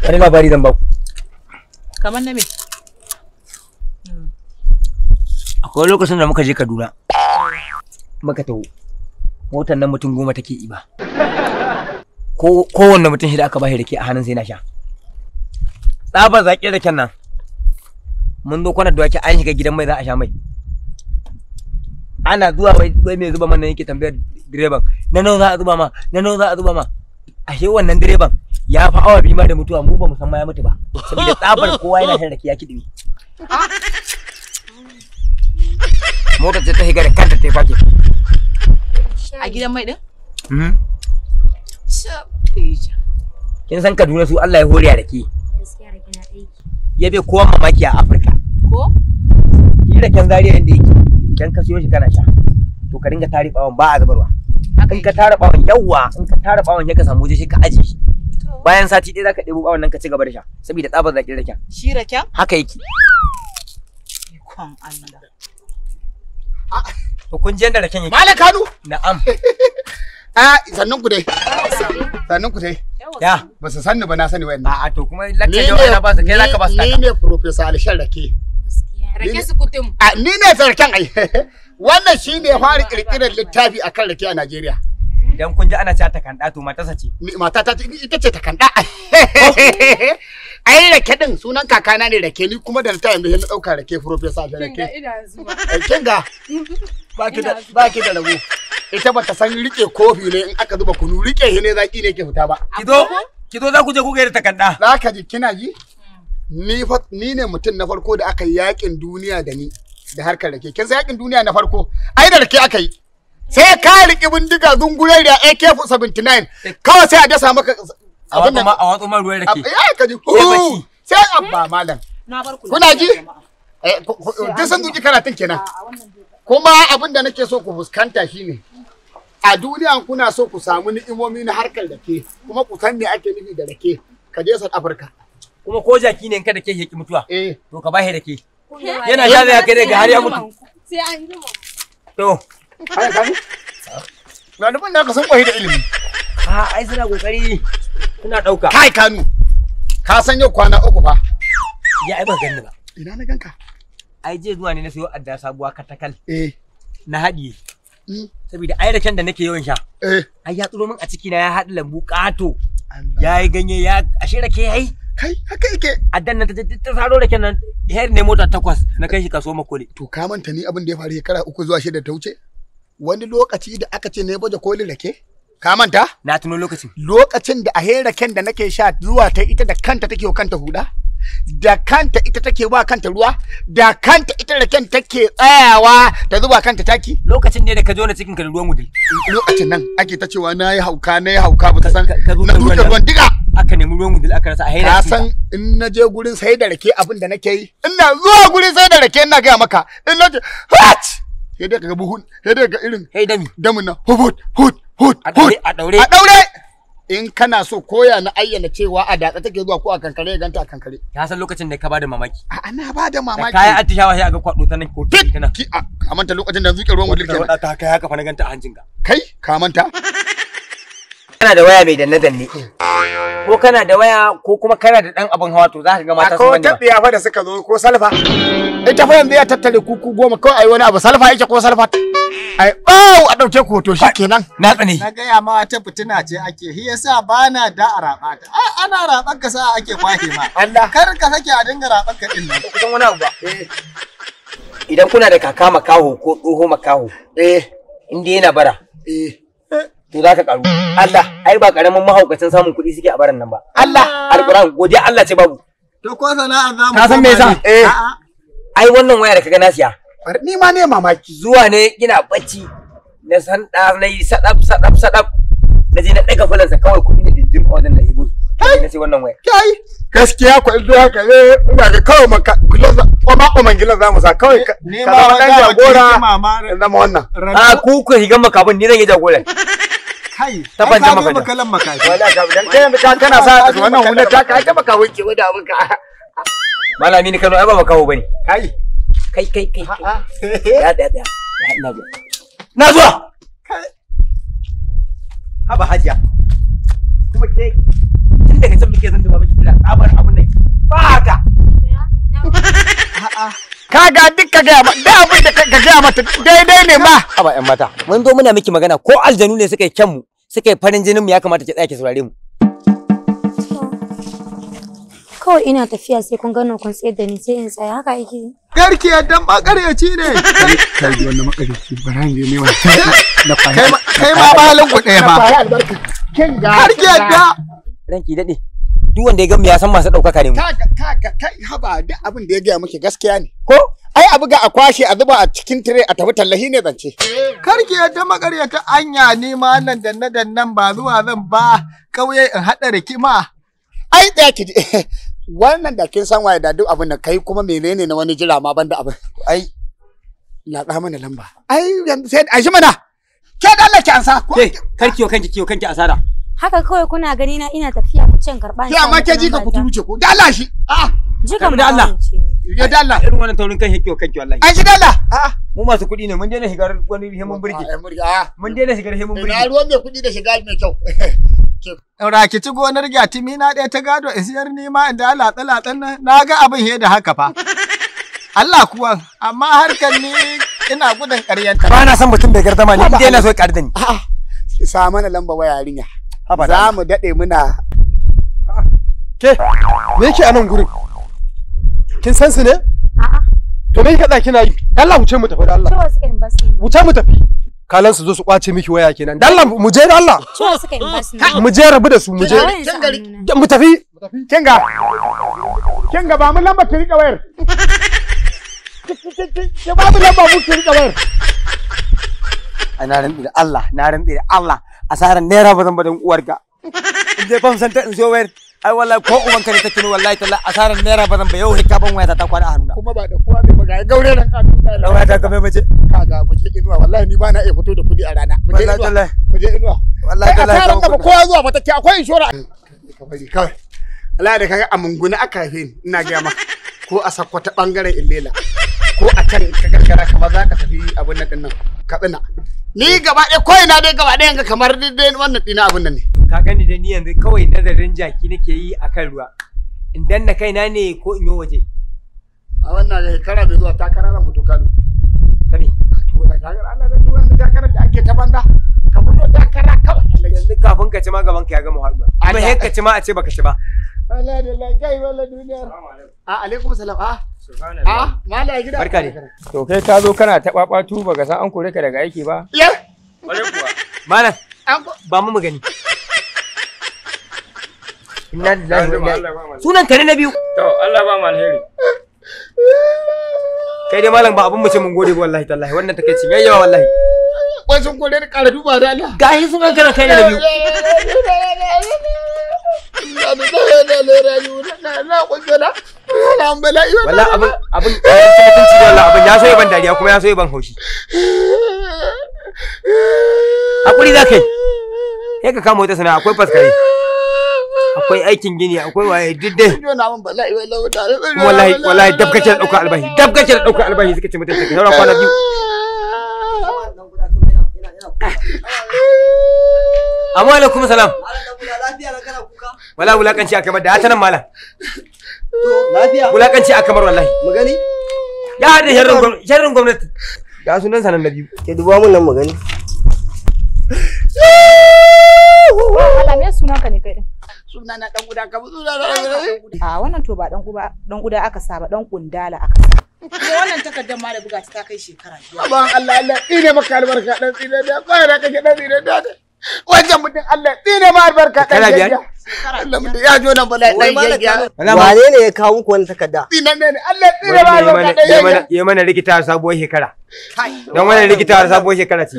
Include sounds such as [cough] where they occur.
wani bari zan baku kamar na me akwai lokacin da muka je kaduna muka taho motar nan mutum goma take iba ko kowanne mutum shida aka bashi rake a hannun sai na sha Tsaba zaƙi raken nan mun zo kwanar da wake an shiga gidan mai za a sha mai ana zuwa wai mai zuba mana yake tambayar direban na nawa za a zuba ma na nawa za a zuba ma ashe wannan direban ya fi awa biyu ma da mutuwa mu ba mu san ma ya mutu ba saboda tsabar kowa yana shan rakiya kidimi motar ta higa da kanta ta yi fake a gidan mai din hmm? kin san Kaduna su Allah ya hore ya rake? ya bai kowa mamaki a Afirka ko ki da kan zariya inda yake idan ka siyo shi kana sha to ka ringa tari ba a zubarwa in ka tara bawon yawa in ka tara bawon ya ka samu waje shi ka aje shi bayan sati ɗaya zaka ɗebo bawon nan ka ci gaba da sha saboda tsabar zaƙin raken shi raken haka yake ikon Allah hukunciyar da raken yake malam kanu na'am a sannan ku dai sannan ku dai ya ba su sanni ba na sani wayannan a'a to kuma lakcin da na ba su kai zaka ba su ni ne professor alshan rake Rake su kutum. A ni ne sarkin ai. [laughs] Wannan shi ne fara kirkirar littafi akan rake a Najeriya. Hmm? Idan kun ji ana cewa takanda to matarsa ce. Mata ta ita ce takanda. [laughs] Ai rake din sunan kakana ne rake ni kuma da ta yanzu na dauka rake professor da rake. Kin ga ba ki da ba ki da Ita ba ta san rike kofi ne in aka zuba kunu rike shi ne zaki ne ke fita ba. Kido kido za ku je ku ga takanda. Za ka ji kina ji? ni ni ne mutum na farko da aka yi yakin duniya da ni da harkar rake kin san yakin duniya na farko ai da rake aka yi sai ka riƙi bindiga zungure da AK-79 kawai sai a dasa maka abin da a watsu man ruwan rake ya ka ji sai abba hmm? malam kuna ji eh, duk san duki karatun kenan kuma abin da nake so ku fuskanta shine a duniya kuna so ku samu ni'imomi na harkar rake kuma ku san me ake nufi da rake ka je South Africa kuma ko jaki ne kada ka da ke yake mutuwa eh. to ka bashi da ke yana ja da kai ga har ya mutu sai an ji to na nufin da ka san kwahi da ilimi a ai suna kokari suna dauka kai kanu ka san yau kwana uku fa ya ai ba ganni ba ina na ganka ai je zuwa ne na sayo adda sabuwa katakal eh na haɗiye hmm. saboda ai raken da nake yawan sha eh. ai ya tsuro min a ciki na ya haɗa lambu ƙato ya yi ganye ya ashe rake yayi kai haka yake addan nan ta saro da kenan her ne mota takwas na kai shi kaso makole to ka manta ni abin da ya faru shekara uku zuwa shida ta wuce wani lokaci da aka ce ne baje koli rake ka manta na tuno lokacin lokacin da a hera ken da nake sha zuwa ta ita da kanta take wa kanta huda da kanta ita take ba kanta ruwa da kanta ita da kanta take tsayawa ta zuba kanta taki lokacin ne da ka zo na cikin ka da ruwan mudil lokacin nan ake ta cewa na yi hauka na yi hauka ba ta san na duka ruwan diga aka nemi ruwan gudul aka rasa a haida ka san in na je gurin sai da rake abin da nake yi ina zuwa gurin sai da rake ina ga maka in na je hat sai da kaga buhun sai da ga irin hey dami damin na hut hut hut a daure a daure a daure in kana so koya na ayyana cewa a datsa take zuwa ko a kankare ganta a kankare ka san lokacin da ka bada mamaki a na bada mamaki kai tishawa sai aga kwado ta nan ko tana ki a manta lokacin da zuke ruwan gudul kenan ta kai haka fa na ganta a hanjin ka kai ka manta kana da waya mai danne danne ko kana da waya ko kuma kana da dan abin hawa to za ka ga mata sun bane ko fa da suka zo ko salfa ita fa yanzu ya tattare kuku goma kawai ai wani abu salfa yake ko salfa ai bau oh, a dauke ku to shikenan na tsane na ga ya ma ta fitina ce ake shi yasa bana da a raba ta ana rabar ka sa ake kwahe ma Allah kar ka sake a dinga rabar ka din nan kun wani abu ba idan kuna da kaka makaho ko doho makaho eh inda yana bara eh to za ka karu Allah ai ba karamin mahaukacin samun kuɗi suke a baran nan ba Allah alquran godiya Allah ce babu to ko sana'a za mu ka san me yasa eh ai wannan waya da kaga nasiya siya ni ma ne mamaki zuwa ne ina bacci na san da na yi sadab sadab sadab na je na daga fulansa kawai kuɗi ne dindim a wajen da ibu na ce wannan waya kai gaskiya ku in haka ne eh, ina ga kawai maka kwama kwaman gilan za mu sa kawai ka zama dan jagora zama wannan a ah, ku ku higa makabin ni zan yi jagora kai ta ban jama kana kalan makashi wala ka dan kai ka kana sa wannan hunar ta ka ta makawo ke wada abin ka [laughs] malami ni kano ai ba makawo bane kai kai kai kai ya da da na zuwa na zuwa haba hajiya kuma ke tun daga can muke zan da miki da ba haka duk ka ma da abin da ka gaya mata daidai ne ma aba yan mata mun zo muna miki magana ko aljanu ne suka yi kyan suka yi farin jinin mu ya kamata ki tsaya ki saurare mu kawai ina tafiya sai kun gano kun tsayar da ni sai in tsaya haka yake garki dan makaryaci ne [laughs] kai wannan makaryaci kai ma ba halin ku ba garki ranki daɗe duk wanda ya gamu ya san masu ɗaukaka ne mu. Kaga kaga kai haba duk abin da ya gaya miki gaskiya ne. Ko? Ai abu ga a kwashe a zuba a cikin tire a tafi tallahi ne zance. Karki ya ta makaryata anya ni ma nan da da nan ba zuwa zan ba ƙauye in haɗa rikima. Ai ɗaya ki ji. [laughs] Wannan da kin san waye da duk abin da kai kuma menene na wani jira ma banda abin. Ai laɗa mana lamba. Ai yanzu sai a shi mana. Ke da Allah ki ansa. Ke karki yo kanki kiyo kanki asara. haka kawai kuna gani na ina tafiya ku can karɓa ni amma ke ka ku tuce ko ah. da Allah shi a jika mu da Allah ya da Allah irin wannan taurin kan hikiyo kanki wallahi an shi da Allah a mu masu kuɗi ne mun dena shigar wani himin burge mun dena shigar himin burge na ruwan mai kuɗi da shiga mai kyau [laughs] Rakici gonar gyatimi na ɗaya ta gado in siyar nima in da latsa-latsan nan na ga abin he da haka fa. Allah kuwa amma harkar ni ina gudun ƙaryanta. Ba na san mutum bai gardama ni inda yana so ya ƙarda ni. Sa mana lamba waya yarinya. za mu daɗe muna ke me yake a nan gurin kin san su ne to me kaɗa kina yi Allah wuce mu tafi da Allah wuce mu tafi kalan su zo su kwace miki waya kenan da Allah mu je da Allah mu je rabu da su mu je mu tafi kinga kinga ba mu lamba ki rika wayar ki ba mu lamba mu ki rika wayar na rinɗi da Allah na rinɗi da Allah asaran naira ba zan ba dan uwarka in je fam santa in zo wayar ai wallahi ko uban ka ne take ni wallahi talla asaran naira ba zan ba yau hikka ban wayata ta kwana a hannuna kuma ba da kowa bai maga gaure ran ka laura ta kame mace kaga mace ke inuwa wallahi ni ba na iya fito da kudi a rana mu je inuwa mu je inuwa wallahi talla asaran ka ba kowa zuwa ba take akwai inshora ka bari kawai Allah da kaga amunguna aka kafe ina ga ma ko a sakwata bangaren illela ko a can ka gargara kamar za ka tafi abun nan din nan katsina ni gaba ɗaya ko ina dai gaba ɗaya kamar dai wannan ɗina abin nan ne ka gani da ni yanzu kawai nazarin jaki nake yi akan ruwa in danna kaina ne ko in yi waje a wannan shekara da zuwa takara na mutu kano tabi takarar da ake ta banza ka fito takara kawai yanzu kafin ka ci ma gaban ka ya gama haɗuwa kuma ka ci ma a ce baka ci ba Allah A To kai ka zo kana ta ba baka san an kore ka daga aiki ba? Malam. Ba mu magani. Inna Sunan ka ne na biyu. To Allah ba mu alheri. Kai dai malam ba abun mace mun gode wallahi tallahi wannan takeicin yayyawa wallahi. Wai sun kore ni ƙara duba da Allah. Gahi kai na biyu. [laughs] wala abin abin [laughs] ya ka kama wata sana'a akwai faskare akwai aikin gini akwai waye duk dai wallahi wallahi dabgace da albahi albahi suka ce ka saura kwana biyu ah. amma alaikum salam wala wulakanci a kamar da ta nan malam to lafiya wulakanci a kamar wallahi mu gani ya hada sharrin sharrin gwamnati ga sunan sanan na biyu ke duba mun nan mu gani Allah suna ka ne kai din suna na dan guda ka suna na dan guda a ah, wannan to ba dan guda dan guda aka saba dan kundala aka saba Ko wannan takardar ma da buga ta kai shekara biyu. Ba Allah Allah ine maka albarka dan tsine da kai da kake dan tsine da. Wannan mutum Allah tsine ma albarka dan tsine. Allah ya jo nan bala dai wane ne ya kawo muku wani takarda dinan ne Allah ba mana rikita sabuwar shekara dan wannan rikita sabuwar shekara ce